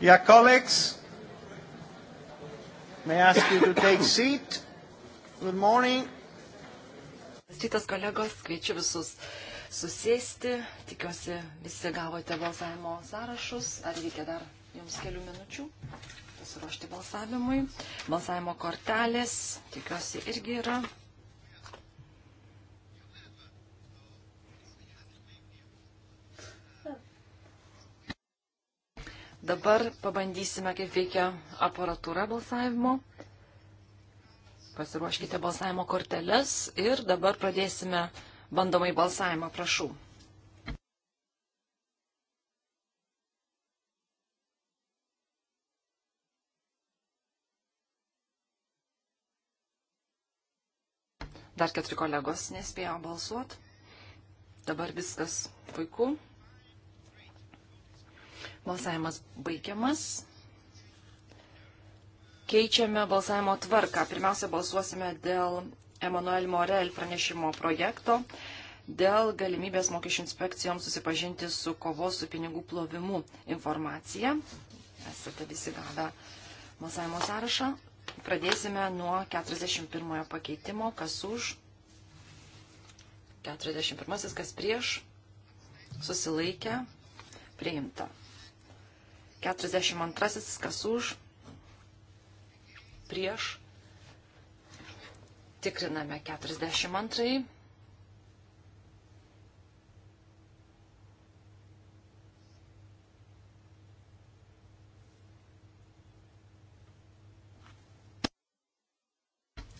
Dear colleagues, may I ask you to take seat. Good morning. Kitas kolegos, kviečiu visus susėsti. Tikiuosi, visi gavote balsavimo sąrašus. Ar reikia dar jums kelių minučių pasiruošti balsavimui? Balsavimo kortelės, tikiuosi, irgi yra Dabar pabandysime, kaip veikia aparatūra balsavimo. Pasiruoškite balsavimo korteles ir dabar pradėsime bandomai balsavimą, prašau. Dar keturi kolegos nespėjo balsuoti. Dabar viskas puiku. Balsavimas baigiamas. Keičiame balsavimo tvarką. Pirmiausia, balsuosime dėl Emanuel Morel pranešimo projekto dėl galimybės mokesčių inspekcijoms susipažinti su kovos su pinigų plovimu informacija. Esate visi gavę balsavimo sąrašą. Pradėsime nuo 41 pakeitimo, kas už, 41 kas prieš, susilaikę, priimta. 42. Kas už? Prieš. Tikriname 42.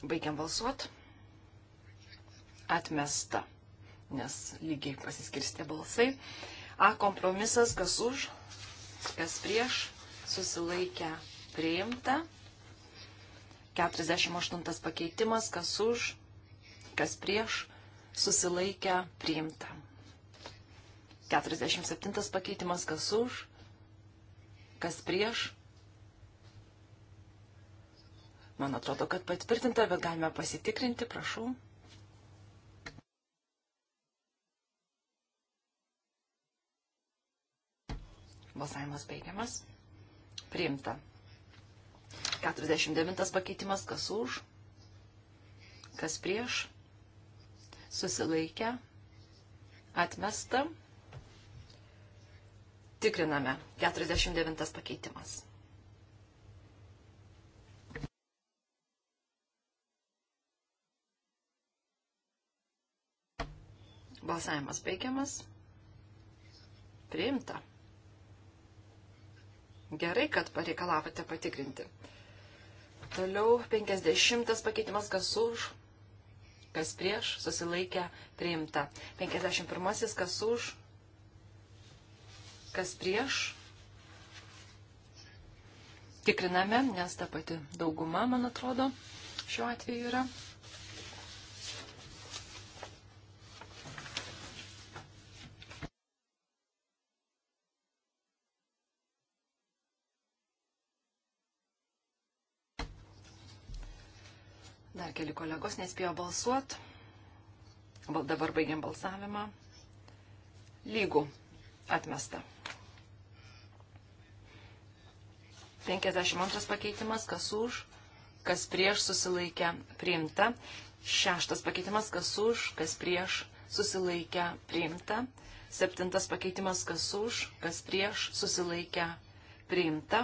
Baigiam balsuot. Atmesta, nes lygiai pasiskirstė balsai. A kompromisas, kas už, kas prieš, susilaikę priimta. 48 pakeitimas, kas už, kas prieš, susilaikę priimta. 47 pakeitimas, kas už, kas prieš. Man atrodo, kad patvirtinta, bet galime pasitikrinti, prašau. Balsavimas baigiamas. Priimta. 49 pakeitimas, kas už, kas prieš, susilaikę, atmesta. Tikriname. 49 pakeitimas. Balsavimas baigiamas. Priimta. Gerai, kad pareikalavote patikrinti. Toliau 50 pakeitimas, kas už, kas prieš, susilaikę, priimta. 51 kas už, kas prieš. Tikriname, nes ta pati dauguma, man atrodo, šiuo atveju yra. keli kolegos nespėjo balsuot. Dabar baigiam balsavimą. Lygų atmesta. 52 pakeitimas, kas už, kas prieš susilaikę priimta. Šeštas pakeitimas, kas už, kas prieš susilaikę priimta. Septintas pakeitimas, kas už, kas prieš susilaikę priimta.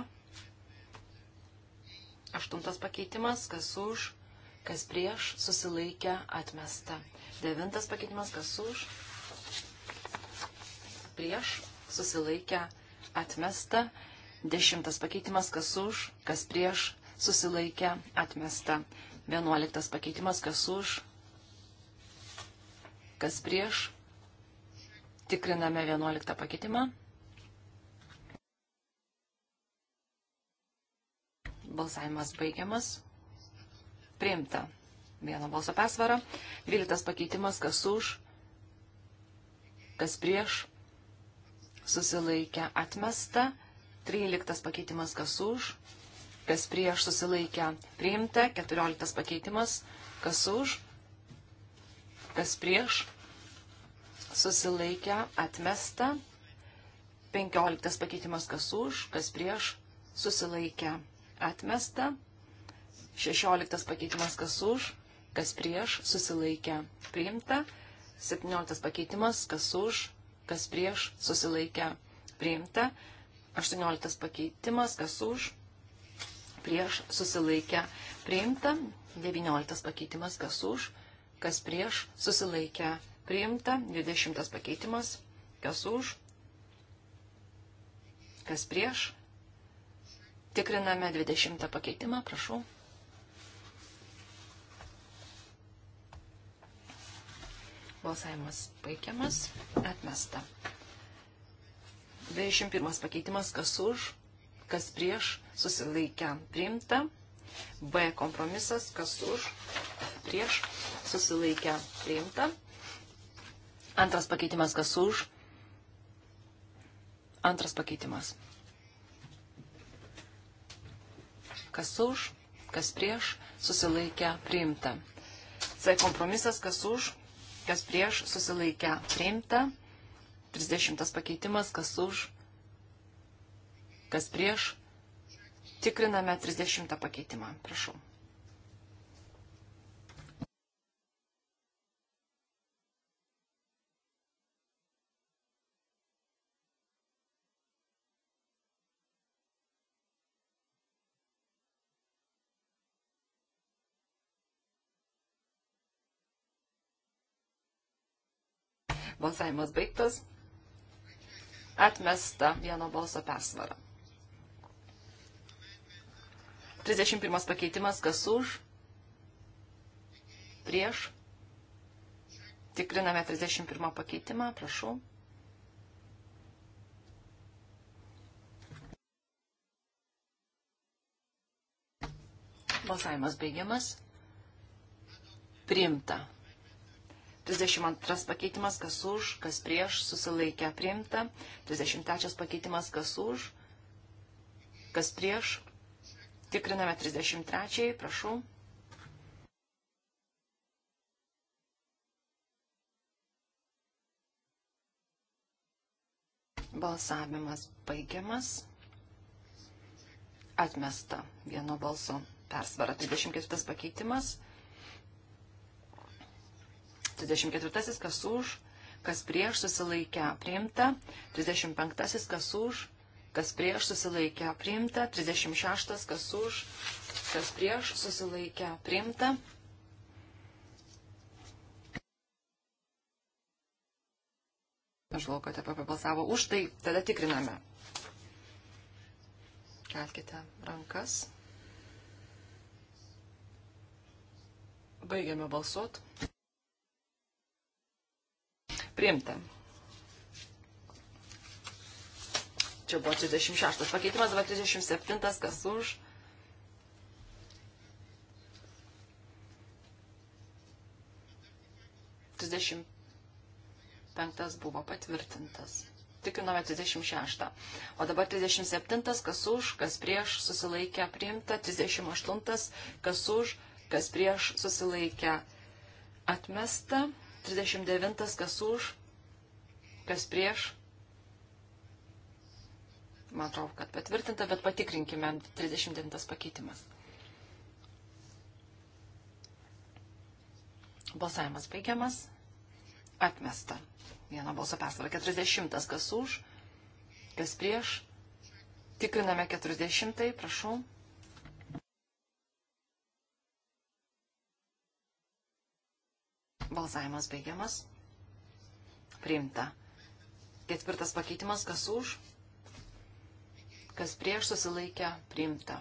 Aštuntas pakeitimas, kas už, kas prieš, susilaikė, atmesta. Devintas pakeitimas, kas už, prieš, susilaikė, atmesta. Dešimtas pakeitimas, kas už, kas prieš, susilaikė, atmesta. Vienuoliktas pakeitimas, kas už, kas prieš. Tikriname vienuoliktą pakeitimą. Balsavimas baigiamas. Priimta. Vieno balso persvara. Dvyliktas pakeitimas, kas už, kas prieš, susilaikę atmesta. Tryliktas pakeitimas, kas už, kas prieš susilaikę priimta. Keturioliktas pakeitimas, kas už, kas prieš susilaikę atmesta. Penkioliktas pakeitimas, kas už, kas prieš susilaikę atmesta. 16 pakeitimas kas už, kas prieš, susilaikė, priimta. 17 pakeitimas kas už, kas prieš, susilaikė, priimta. 18 pakeitimas kas už, prieš, susilaikė, priimta. 19 pakeitimas kas už, kas prieš, susilaikė, priimta. 20 pakeitimas kas už, kas prieš. Tikriname 20 pakeitimą, prašau. Balsavimas baigiamas. Atmesta. 21 pakeitimas, kas už, kas prieš, susilaikę priimta. B kompromisas, kas už, prieš, susilaikę priimta. Antras pakeitimas, kas už. Antras pakeitimas. Kas už, kas prieš, susilaikę priimta. C kompromisas, kas už, kas prieš susilaikę priimta. 30 pakeitimas, kas už, kas prieš. Tikriname 30 pakeitimą. Prašau. Balsavimas baigtas. Atmesta vieno balso persvara. 31 pakeitimas, kas už, prieš. Tikriname 31 pakeitimą, prašau. Balsavimas baigiamas. Priimta. 32 pakeitimas, kas už, kas prieš, susilaikę priimta. 33 pakeitimas, kas už, kas prieš. Tikriname 33, prašau. Balsavimas baigiamas. Atmesta vieno balso persvara. 24 pakeitimas. 34 kas už, kas prieš susilaikę priimta, 35 kas už, kas prieš susilaikę priimta, 36 kas už, kas prieš susilaikę priimta. Aš žinau, kad apie balsavo už tai, tada tikriname. Kelkite rankas. Baigiame balsuoti. Priimta. Čia buvo 36 pakeitimas, dabar 37, kas už. penktas buvo patvirtintas. Tikinome 36. O dabar 37, kas už, kas prieš, susilaikę priimta. 38, kas už, kas prieš, susilaikę atmesta. 39, kas už, kas prieš. Man atrodo, kad patvirtinta, bet patikrinkime 39 pakeitimas. Balsavimas baigiamas. Atmesta. Vieno balso persvara. 40. Kas už, kas prieš. Tikriname 40. Prašau. Balsavimas baigiamas. Priimta. Ketvirtas pakeitimas, kas už, kas prieš susilaikę, priimta.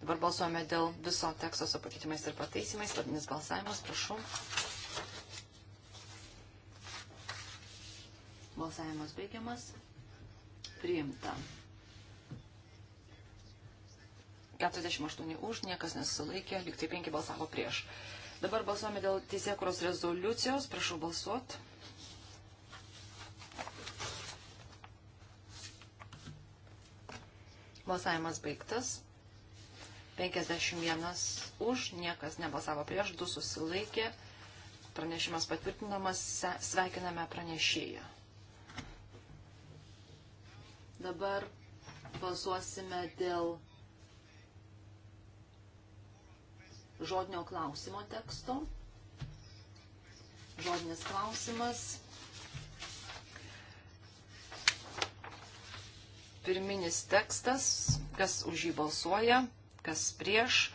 Dabar balsuojame dėl viso teksto su pakeitimais ir pataisimais. Vardinis balsavimas, prašau. Balsavimas baigiamas. Priimta. 48 už, niekas nesusilaikė, liktai 5 balsavo prieš. Dabar balsuojame dėl teisėkuros rezoliucijos. Prašau balsuot. Balsavimas baigtas. 51 už, niekas nebalsavo prieš, 2 susilaikė. Pranešimas patvirtinamas, sveikiname pranešėją. Dabar balsuosime dėl žodinio klausimo teksto. Žodinis klausimas. Pirminis tekstas, kas už jį balsuoja, kas prieš,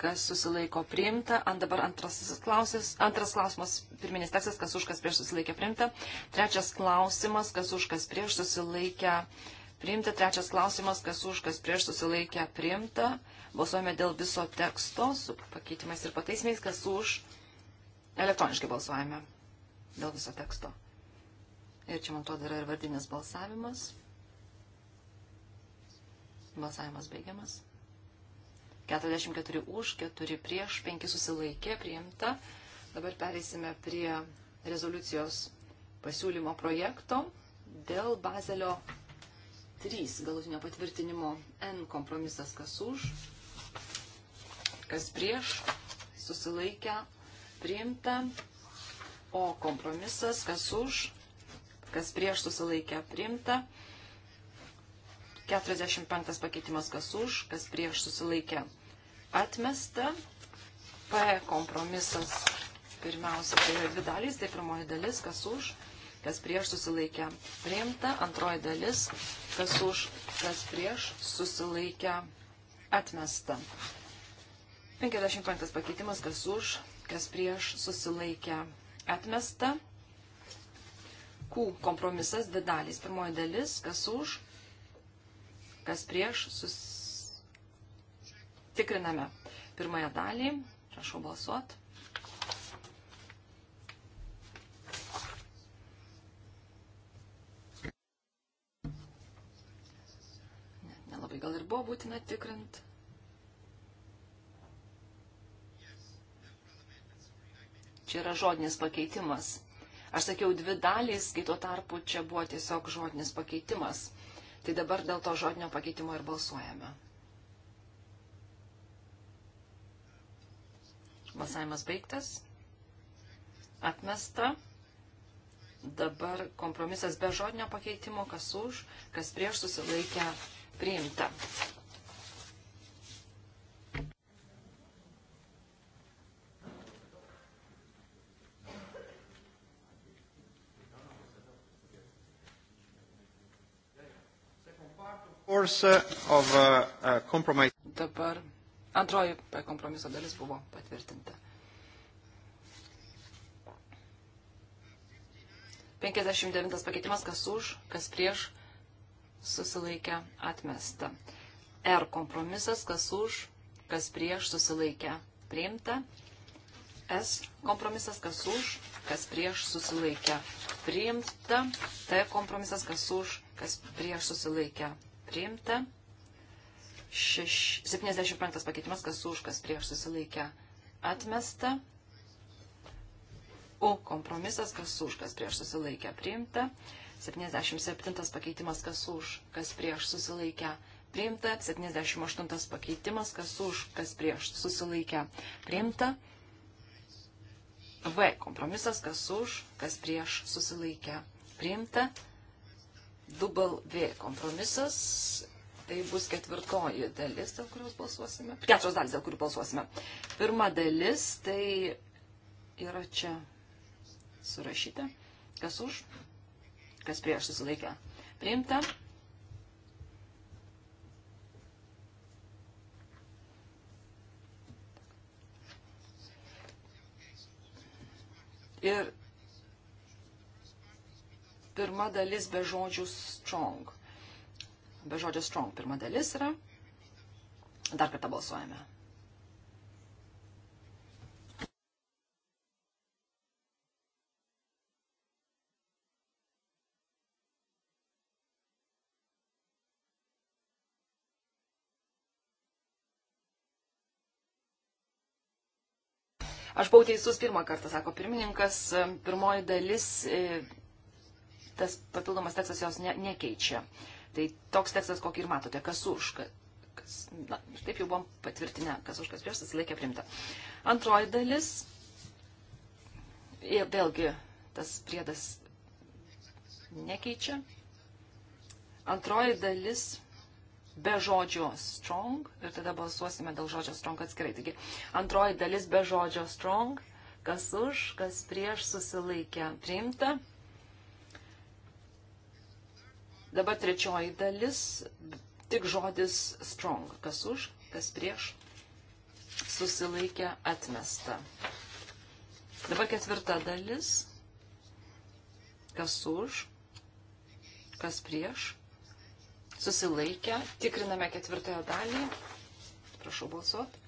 kas susilaiko priimta. Ant dabar antras, klausis, antras klausimas, pirminis tekstas, kas už, kas prieš susilaikė priimta. Trečias klausimas, kas už, kas prieš susilaikė priimta priimta. Trečias klausimas, kas už, kas prieš susilaikę priimta. Balsuojame dėl viso teksto su pakeitimais ir pataisimais, kas už. Elektroniškai balsuojame dėl viso teksto. Ir čia, man atrodo, yra ir vardinis balsavimas. Balsavimas baigiamas. 44 už, 4 prieš, 5 susilaikė, priimta. Dabar pereisime prie rezoliucijos pasiūlymo projekto dėl Bazelio 3 galutinio patvirtinimo N kompromisas kas už, kas prieš, susilaikę, priimta, O kompromisas kas už, kas prieš susilaikę, priimta. 45 pakeitimas kas už, kas prieš susilaikę, atmesta. P kompromisas pirmiausia, tai yra dvi dalys, tai pirmoji dalis kas už, kas prieš susilaikę priimta, antroji dalis, kas už, kas prieš susilaikę atmesta. 55 pakeitimas, kas už, kas prieš susilaikę atmesta. Q kompromisas dvi dalys. Pirmoji dalis, kas už, kas prieš sus... tikriname. Pirmąją dalį, prašau balsuoti. tai gal ir buvo būtina tikrint. Čia yra žodinis pakeitimas. Aš sakiau dvi dalys, kai tuo tarpu čia buvo tiesiog žodinis pakeitimas. Tai dabar dėl to žodinio pakeitimo ir balsuojame. Balsavimas baigtas. Atmesta. Dabar kompromisas be žodinio pakeitimo, kas už, kas prieš susilaikę priimta. Of, uh, uh, Dabar antroji kompromiso dalis buvo patvirtinta. 59 pakeitimas, kas už, kas prieš, susilaikę, atmesta. R kompromisas, kas už, kas prieš, susilaikę, priimta. S kompromisas, kas už, kas prieš, susilaikę, priimta. T kompromisas, kas už, kas prieš, susilaikę, priimta. Šeš, 75 pakeitimas, kas už, kas prieš, susilaikę, atmesta. U kompromisas, kas už, kas prieš, susilaikę, priimta. 77 pakeitimas kas už, kas prieš susilaikę priimta, 78 pakeitimas kas už, kas prieš susilaikę priimta, V kompromisas kas už, kas prieš susilaikę priimta, dubal V kompromisas. Tai bus ketvirtoji dalis, dėl kurios balsuosime. Keturios dalis, dėl kurių balsuosime. Pirma dalis, tai yra čia surašyta. Kas už, kas prieš susilaikė priimta. Ir pirma dalis be žodžių strong. Be žodžio strong pirma dalis yra. Dar kartą balsuojame. Aš buvau teisus pirmą kartą, sako pirmininkas, pirmoji dalis, e, tas papildomas tekstas jos ne, nekeičia. Tai toks tekstas, kokį ir matote, kas už, kas, na, taip jau buvom patvirtinę, kas už, kas prieš, tas laikė primta. Antroji dalis, ir vėlgi tas priedas nekeičia. Antroji dalis be žodžio strong ir tada balsuosime dėl žodžio strong atskirai. Taigi antroji dalis be žodžio strong, kas už, kas prieš susilaikė priimta. Dabar trečioji dalis, tik žodis strong, kas už, kas prieš susilaikė atmesta. Dabar ketvirta dalis, kas už, kas prieš susilaikę, tikriname ketvirtąją dalį, prašau balsuot.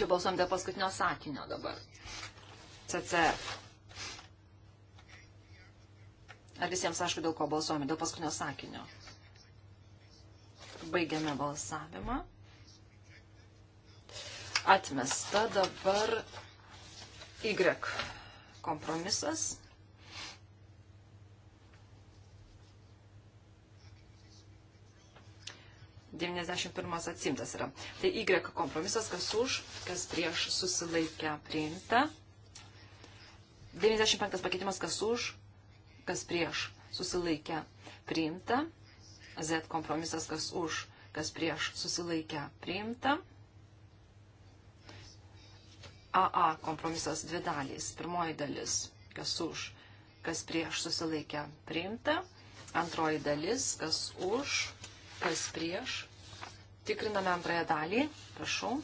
Čia balsuom dėl paskutinio sakinio dabar. CCF. Ar visiems aišku, dėl ko balsuojame? Dėl paskutinio sakinio. Baigiame balsavimą. Atmesta dabar Y kompromisas. Devyniasdešimt pirmas atsimtas yra. Tai Y kompromisas, kas už, kas prieš susilaikę priimta. 95 pakeitimas, kas už, kas prieš susilaikę priimta. Z kompromisas, kas už, kas prieš susilaikę priimta. AA kompromisas dvi dalys. Pirmoji dalis, kas už, kas prieš susilaikę priimta. Antroji dalis, kas už, kas prieš. Tikriname antrąją dalį. Prašau.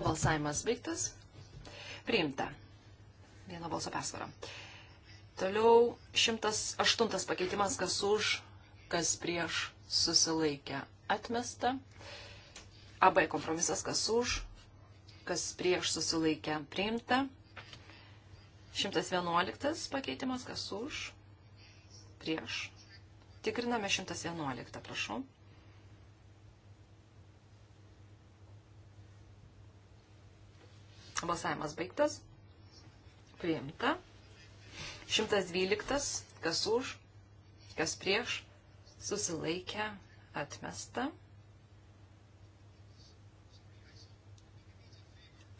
Balsavimas baigtas. Priimta. Vieno balso persvara. Toliau 108 pakeitimas, kas už, kas prieš susilaikę atmesta. AB kompromisas, kas už, kas prieš susilaikę priimta. 111 pakeitimas, kas už, prieš. Tikriname 111, prašau. Balsavimas baigtas priimta. 112, kas už, kas prieš, susilaikę, atmesta.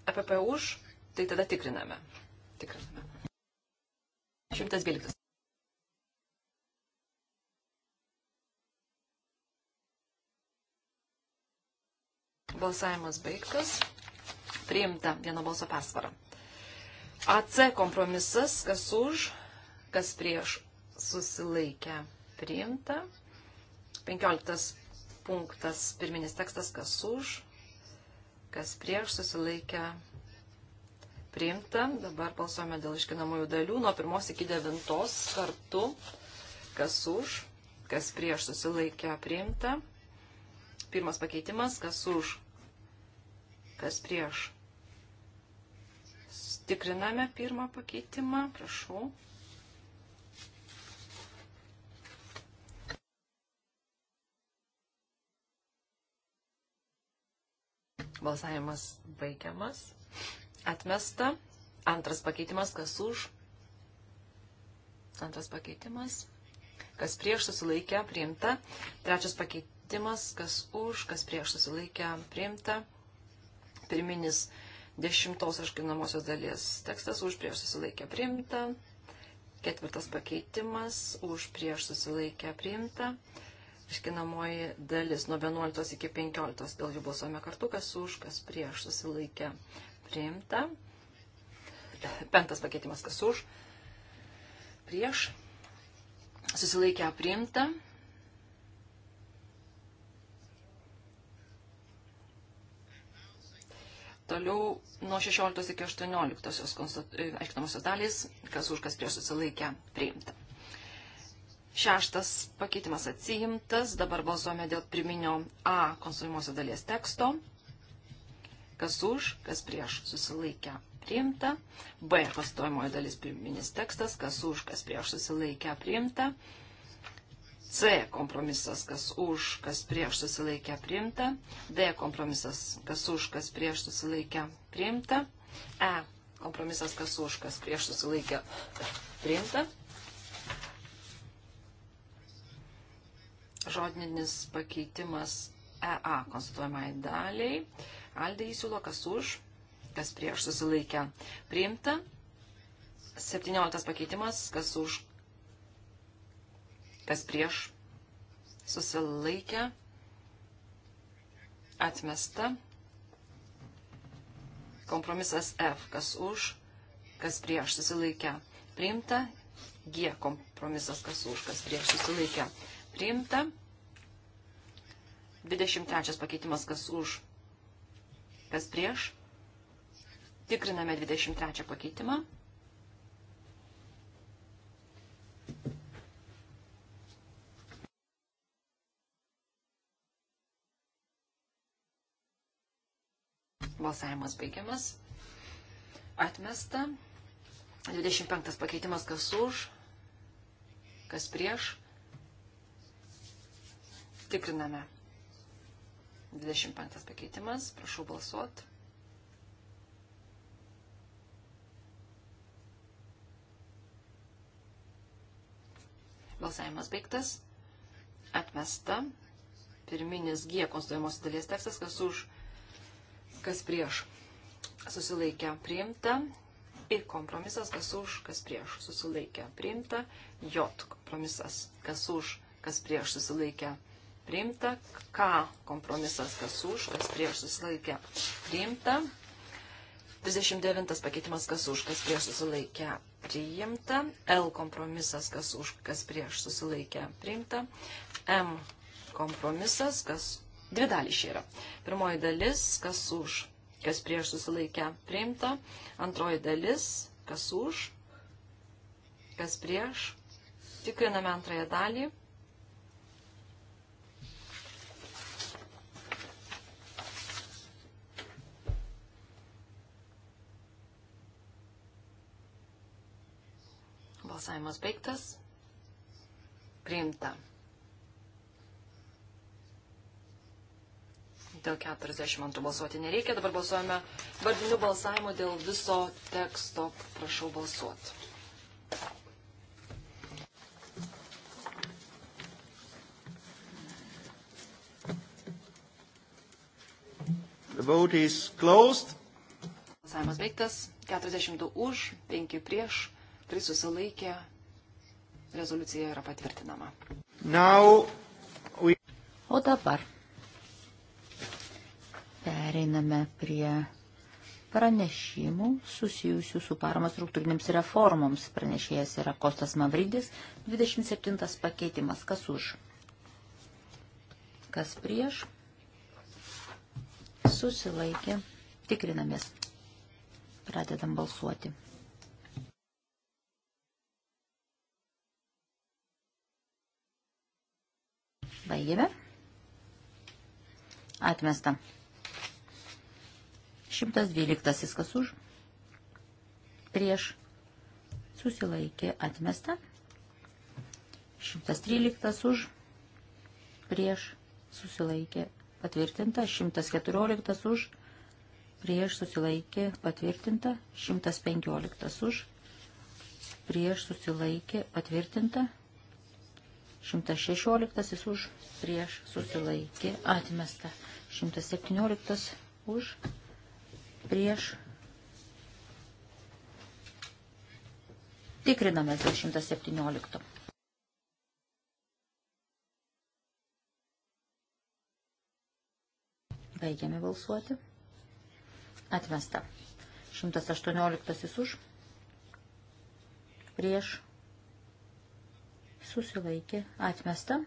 APP e už, tai tada tikriname. Tikriname. 112. Balsavimas baigtas. Priimta vieno balso persvara. AC kompromisas, kas už, kas prieš susilaikę priimta. 15 punktas, pirminis tekstas, kas už, kas prieš susilaikę priimta. Dabar balsuojame dėl iškinamųjų dalių nuo pirmos iki devintos kartu, kas už, kas prieš susilaikę priimta. Pirmas pakeitimas, kas už, kas prieš Tikriname pirmą pakeitimą, prašau. Balsavimas baigiamas. Atmesta. Antras pakeitimas, kas už. Antras pakeitimas. Kas prieš susilaikę, priimta. Trečias pakeitimas, kas už, kas prieš susilaikę, priimta. Pirminis pakeitimas dešimtos išginamosios dalies tekstas už prieš susilaikę priimta, ketvirtas pakeitimas už prieš susilaikę priimta, išginamoji dalis nuo 11 iki 15 dėl jų balsuojame kartu, kas už, kas prieš susilaikę priimta, penktas pakeitimas kas už, prieš susilaikę priimta. Toliau nuo 16 iki 18 e, aiškinamosios dalys, kas už kas prieš susilaikę priimta. Šeštas pakeitimas atsijimtas, dabar balsuojame dėl priminio A konsolimuosios dalies teksto, kas už, kas prieš susilaikę priimta, B konstatuojamoji dalis pirminis tekstas, kas už, kas prieš susilaikę priimta, C kompromisas, kas už, kas prieš susilaikę priimta. D kompromisas, kas už, kas prieš susilaikę priimta. E kompromisas, kas už, kas prieš susilaikę priimta. Žodinis pakeitimas EA konstatuojamai daliai. Aldė įsiūlo, kas už, kas prieš susilaikę priimta. 17 pakeitimas, kas už, kas prieš, susilaikė, atmesta. Kompromisas F, kas už, kas prieš, susilaikė, priimta. G, kompromisas, kas už, kas prieš, susilaikė, priimta. 23 pakeitimas, kas už, kas prieš. Tikriname 23 pakeitimą. Balsavimas baigiamas. Atmesta. 25 pakeitimas kas už, kas prieš. Tikriname. 25 pakeitimas. Prašau balsuot. Balsavimas baigtas. Atmesta. Pirminis G konstituojamos dalies tekstas, kas už, kas prieš susilaikę priimta. I kompromisas, kas už, kas prieš susilaikę priimta. J kompromisas, kas už, kas prieš susilaikę priimta. K kompromisas, kas už, kas prieš susilaikę priimta. 39 pakeitimas, kas už, kas prieš susilaikę priimta. L kompromisas, kas už, kas prieš susilaikę priimta. M kompromisas, kas Dvi dalys čia yra. Pirmoji dalis, kas už, kas prieš susilaikę priimta. Antroji dalis, kas už, kas prieš. Tikriname antrąją dalį. Balsavimas baigtas. Priimta. dėl 42 balsuoti nereikia. Dabar balsuojame vardiniu balsavimu dėl viso teksto. Prašau balsuoti. The vote is closed. Balsavimas baigtas. 42 už, 5 prieš, 3 susilaikė. Rezoliucija yra patvirtinama. Now we... O dabar Pereiname prie pranešimų susijusių su parama struktūrinėms reformoms. Pranešėjas yra Kostas Mavridis, 27 pakeitimas. Kas už? Kas prieš? Susilaikė. Tikrinamės. Pradedam balsuoti. Baigėme. Atmesta. 112 kas už, prieš, susilaikė atmesta, 113 už, prieš, susilaikė patvirtinta, 114 už, prieš, susilaikė patvirtinta, 115 už, prieš, susilaikė patvirtinta, 116 už, prieš, susilaikė atmesta, 117 už, prieš, prieš. Tikrinamės dėl 117. Baigiame balsuoti. Atmesta. 118 už. Prieš. Susilaikė. Atmesta.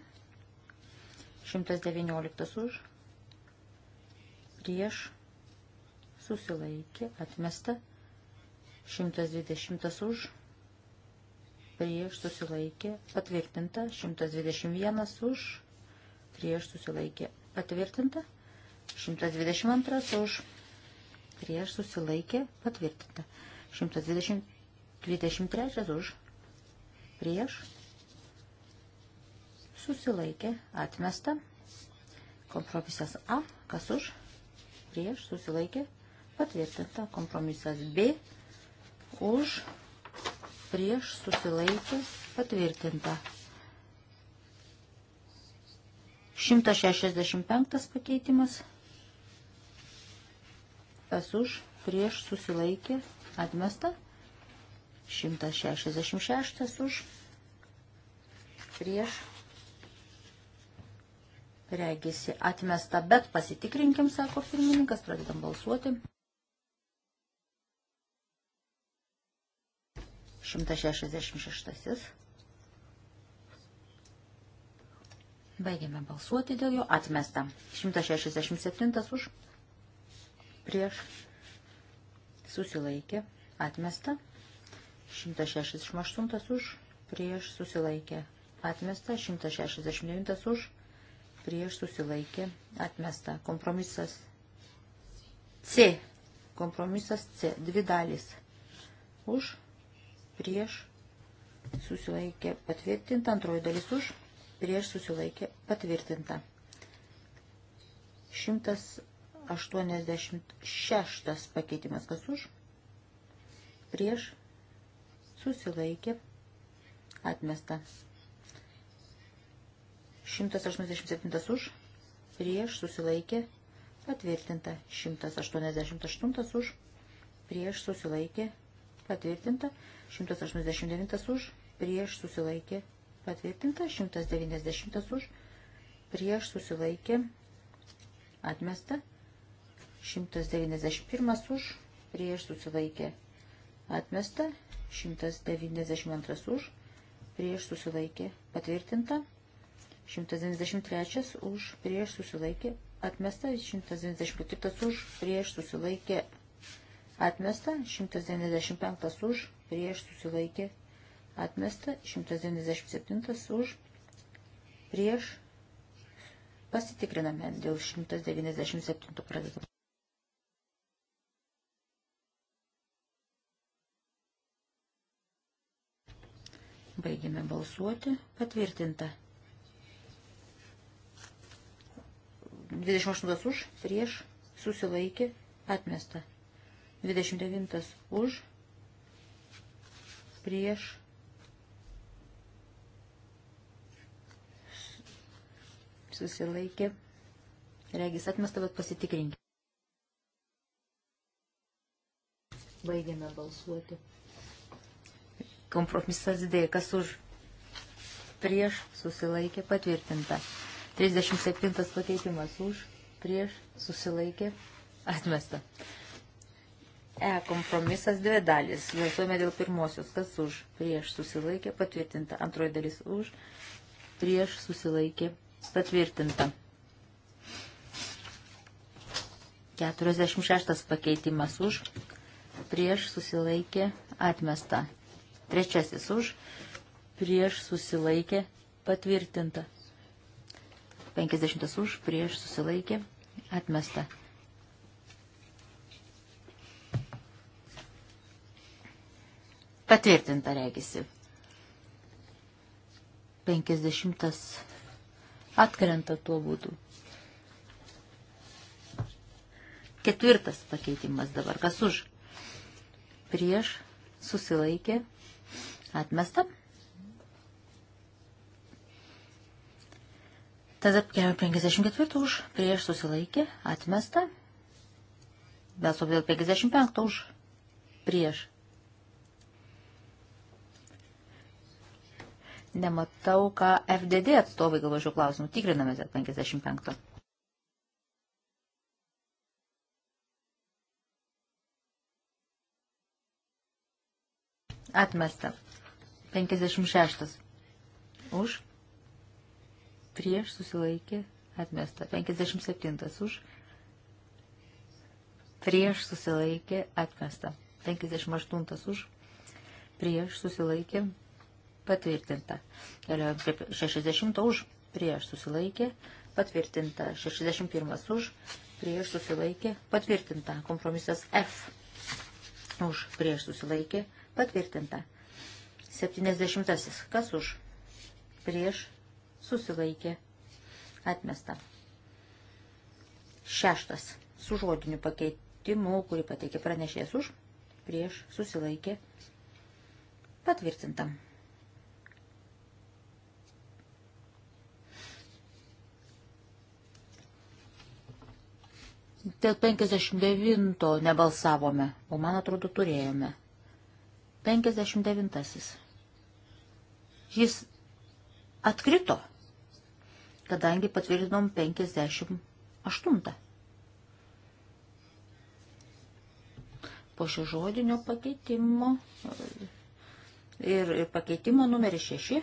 119 už. Prieš susilaikė, atmesta, 120 už, prieš susilaikė, patvirtinta, 121 už, prieš susilaikė, patvirtinta, 122 už, prieš susilaikė, patvirtinta, 123 už, prieš susilaikė, atmesta, kompromisas A, kas už, prieš susilaikė, patvirtinta. Kompromisas B už prieš susilaikęs patvirtinta. 165 pakeitimas. Kas už prieš susilaikė atmesta. 166 už prieš regisi atmesta, bet pasitikrinkim, sako pirmininkas, pradedam balsuoti. 166. Baigiame balsuoti dėl jo atmesta. 167 už prieš susilaikė atmesta. 168 už prieš susilaikė atmesta. 169 už prieš susilaikė atmesta. Kompromisas C. Kompromisas C. Dvi dalys. Už prieš susilaikė patvirtinta, antroji dalis už, prieš susilaikė patvirtinta. 186 pakeitimas kas už, prieš susilaikė atmesta. 187 už, prieš susilaikė patvirtinta. 188 už, prieš susilaikė atmesta patvirtinta, 189 už, prieš susilaikė, patvirtinta, 190 už, prieš susilaikė, atmesta, 191 už, prieš susilaikė, atmesta, 192 už, prieš susilaikė, patvirtinta, 193 už, prieš susilaikė, atmesta, 194 už, prieš susilaikė, Atmesta 195 už, prieš susilaikė. Atmesta 197 už, prieš. Pasitikriname dėl 197 pradedam. Baigėme balsuoti. Patvirtinta. 28 už, prieš, susilaikė, atmesta. 29 už, prieš, susilaikė, regis atmesta, bet pasitikrinkė. Baigėme balsuoti. Kompromisas D, kas už, prieš, susilaikė, patvirtinta. 37 pakeitimas už, prieš, susilaikė, atmesta. E kompromisas dvi dalis. Balsuojame dėl pirmosios. Kas už? Prieš susilaikė patvirtinta. Antroji dalis už. Prieš susilaikė patvirtinta. 46 pakeitimas už. Prieš susilaikė atmesta. Trečiasis už. Prieš susilaikė patvirtinta. 50 už. Prieš susilaikė atmesta. Patvirtinta regisi. 50 atkrenta tuo būdu. Ketvirtas pakeitimas dabar. Kas už? Prieš susilaikė. Atmesta. Tada 54 už. Prieš susilaikė. Atmesta. Vėl su 55 už. Prieš Nematau, ką FDD atstovai galvo šiuo klausimu. Tikriname 55. Atmesta. 56. Už. Prieš susilaikė. Atmesta. 57. Už. Prieš susilaikė. Atmesta. 58. Už. Prieš susilaikė. Atmesta patvirtinta. Keliaujam prie 60 už, prieš susilaikė, patvirtinta. 61 už, prieš susilaikė, patvirtinta. Kompromisas F už, prieš susilaikė, patvirtinta. 70. Kas už, prieš susilaikė, atmesta. Šeštas. Su žodiniu pakeitimu, kurį pateikė pranešėjas už, prieš susilaikė, patvirtintam. Dėl 59 nebalsavome, o man atrodo turėjome. 59. Jis atkrito, kadangi patvirtinom 58. Po šio žodinio pakeitimo ir, ir pakeitimo numeris 6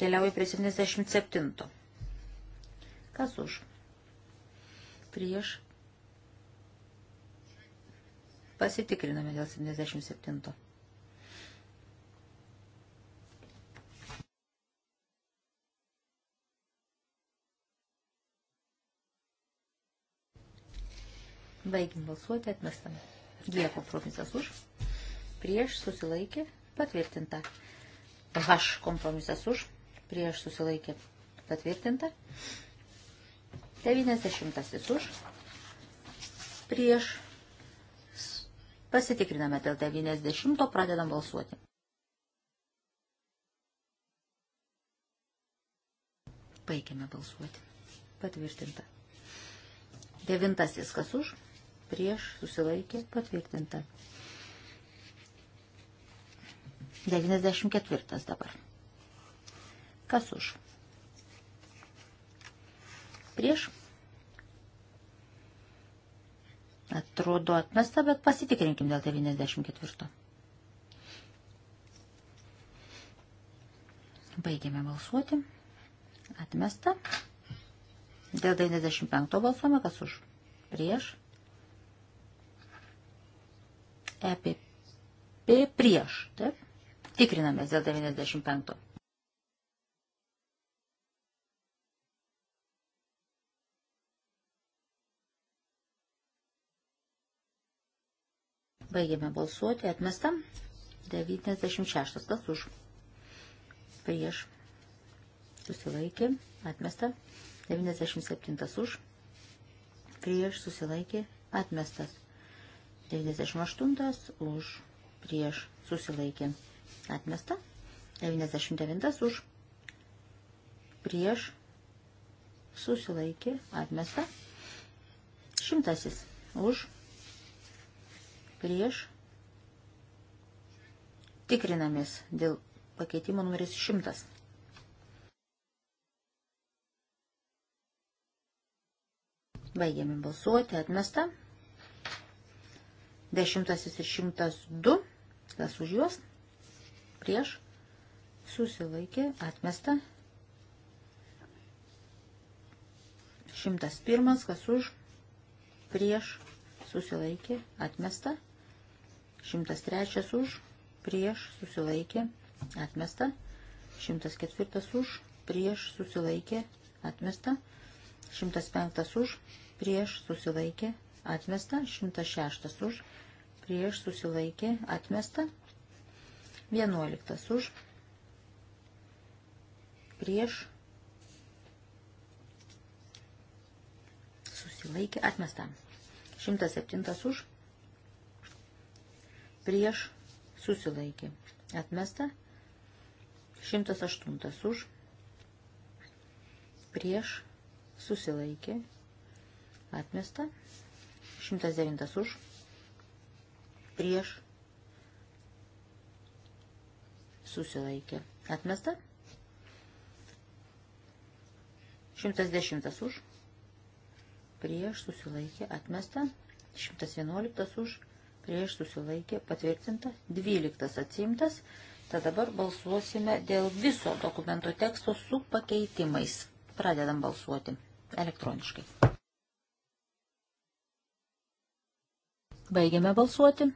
keliauja prie 77. Kas už? prieš. Pasitikriname dėl 77. Baigim balsuoti, atmestame. G kompromisas už, prieš susilaikė, patvirtinta. H kompromisas už, prieš susilaikė, patvirtinta. Patvirtinta. 90 už. Prieš. Pasitikriname dėl 90, pradedam balsuoti. Baigiame balsuoti. Patvirtinta. Devintasis kas už, prieš, susilaikė, patvirtinta. 94 dabar. Kas už? prieš. Atrodo atmesta, bet pasitikrinkim dėl 94. Baigėme balsuoti. Atmesta. Dėl 95 balsuojame, kas už prieš. EPP prieš. Taip. Tikrinamės dėl 95. Baigėme balsuoti, atmesta 96, kas už, prieš, susilaikė, atmesta 97 už, prieš, susilaikė, atmestas 98 už, prieš, susilaikė, atmesta 99 už, prieš, susilaikė, atmesta šimtasis už, prieš, prieš. Tikrinamės dėl pakeitimo numeris 100. Baigiame balsuoti, atmesta. Dešimtasis ir šimtas du, kas už juos, prieš, susilaikė, atmesta. Šimtas pirmas, kas už, prieš, susilaikė, atmesta. 103 už, prieš susilaikė atmesta. 104 už, prieš susilaikė atmesta. 105 už, prieš susilaikė atmesta. 106 už, prieš susilaikė atmesta. 11 už, prieš susilaikė atmesta. 107 už, prieš susilaikė. Atmesta 108 už prieš susilaikė. Atmesta 109 už prieš susilaikė. Atmesta 110 už prieš susilaikė. Atmesta 111 už prieš susilaikė patvirtinta, 12 atsimtas. Tad dabar balsuosime dėl viso dokumento teksto su pakeitimais. Pradedam balsuoti elektroniškai. Baigiame balsuoti.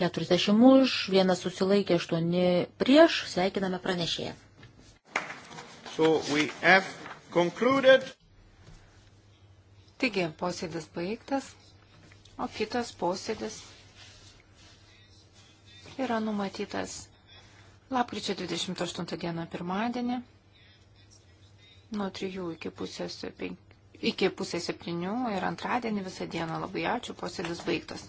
40 už, vienas susilaikė 8 prieš, sveikiname pranešėją. So we have concluded. Taigi, posėdis baigtas o kitas posėdis yra numatytas lapkričio 28 dieną pirmadienį nuo 3 iki pusės, iki pusės 7 ir antradienį visą dieną. Labai ačiū, posėdis baigtas.